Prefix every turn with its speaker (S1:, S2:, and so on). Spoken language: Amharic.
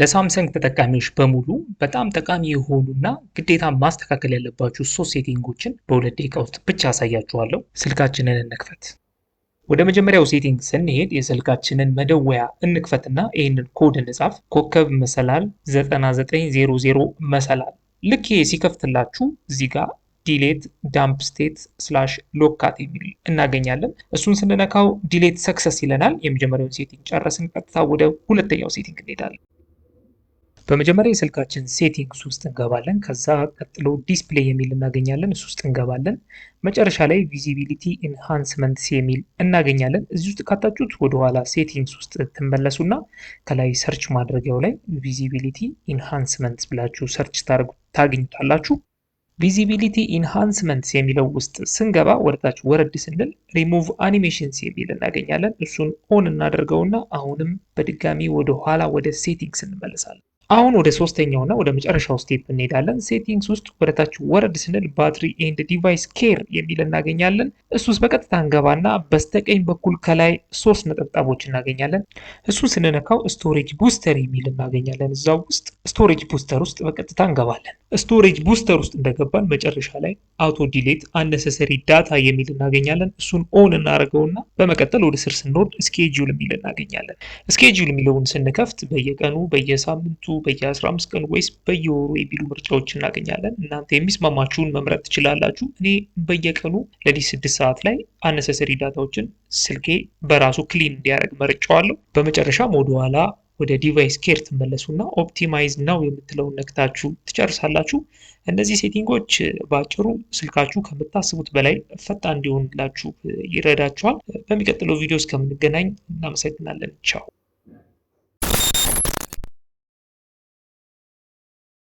S1: ለሳምሰንግ ተጠቃሚዎች በሙሉ በጣም ጠቃሚ የሆኑና ግዴታ ማስተካከል ያለባችሁ ሶስት ሴቲንጎችን በሁለት ደቂቃ ውስጥ ብቻ አሳያችኋለሁ። ስልካችንን እንክፈት። ወደ መጀመሪያው ሴቲንግ ስንሄድ የስልካችንን መደወያ እንክፈትና ይህንን ኮድ እንጻፍ። ኮከብ መሰላል 9900 መሰላል። ልክ ይሄ ሲከፍትላችሁ እዚህ ጋር ዲሌት ዳምፕ ስቴት ስላሽ ሎካት የሚል እናገኛለን። እሱን ስንነካው ዲሌት ሰክሰስ ይለናል። የመጀመሪያውን ሴቲንግ ጨረስን። ቀጥታ ወደ ሁለተኛው ሴቲንግ እንሄዳለን። በመጀመሪያ የስልካችን ሴቲንግስ ውስጥ እንገባለን። ከዛ ቀጥሎ ዲስፕሌይ የሚል እናገኛለን። እሱ ውስጥ እንገባለን። መጨረሻ ላይ ቪዚቢሊቲ ኢንሃንስመንትስ የሚል እናገኛለን። እዚህ ውስጥ ካጣችሁት ወደኋላ ሴቲንግስ ውስጥ ትመለሱና ከላይ ሰርች ማድረጊያው ላይ ቪዚቢሊቲ ኢንሃንስመንትስ ብላችሁ ሰርች ታገኙታላችሁ። ቪዚቢሊቲ ኢንሃንስመንትስ የሚለው ውስጥ ስንገባ ወደታች ወረድ ስንል ሪሙቭ አኒሜሽንስ የሚል እናገኛለን። እሱን ኦን እናደርገውና አሁንም በድጋሚ ወደኋላ ወደ ሴቲንግስ እንመለሳለን። አሁን ወደ ሶስተኛው እና ወደ መጨረሻው ስቴፕ እንሄዳለን። ሴቲንግስ ውስጥ ወደታች ወረድ ስንል ባትሪ ኤንድ ዲቫይስ ኬር የሚል እናገኛለን። እሱ ውስጥ በቀጥታ እንገባና በስተቀኝ በኩል ከላይ ሶስት ነጠብጣቦች እናገኛለን። እሱ ስንነካው ስቶሬጅ ቡስተር የሚል እናገኛለን። እዛ ውስጥ ስቶሬጅ ቡስተር ውስጥ በቀጥታ እንገባለን። ስቶሬጅ ቡስተር ውስጥ እንደገባን መጨረሻ ላይ አውቶ ዲሌት አነሰሰሪ ዳታ የሚል እናገኛለን። እሱን ኦን እናደርገውና በመቀጠል ወደ ስር ስንወርድ ስኬጁል የሚል እናገኛለን። ስኬጁል የሚለውን ስንከፍት በየቀኑ በየሳምንቱ በየ15 ቀን ወይስ በየወሩ የሚሉ ምርጫዎች እናገኛለን። እናንተ የሚስማማችሁን መምረጥ ትችላላችሁ። እኔ በየቀኑ ለሊት ስድስት ሰዓት ላይ አነሰሰሪ ዳታዎችን ስልኬ በራሱ ክሊን እንዲያደርግ መርጫዋለሁ። በመጨረሻም ወደኋላ ወደ ዲቫይስ ኬር ትመለሱና ኦፕቲማይዝ ነው የምትለውን ነክታችሁ ትጨርሳላችሁ። እነዚህ ሴቲንጎች በአጭሩ ስልካችሁ ከምታስቡት በላይ ፈጣን እንዲሆንላችሁ ይረዳችኋል። በሚቀጥለው ቪዲዮ እስከምንገናኝ እናመሰግናለን። ቻው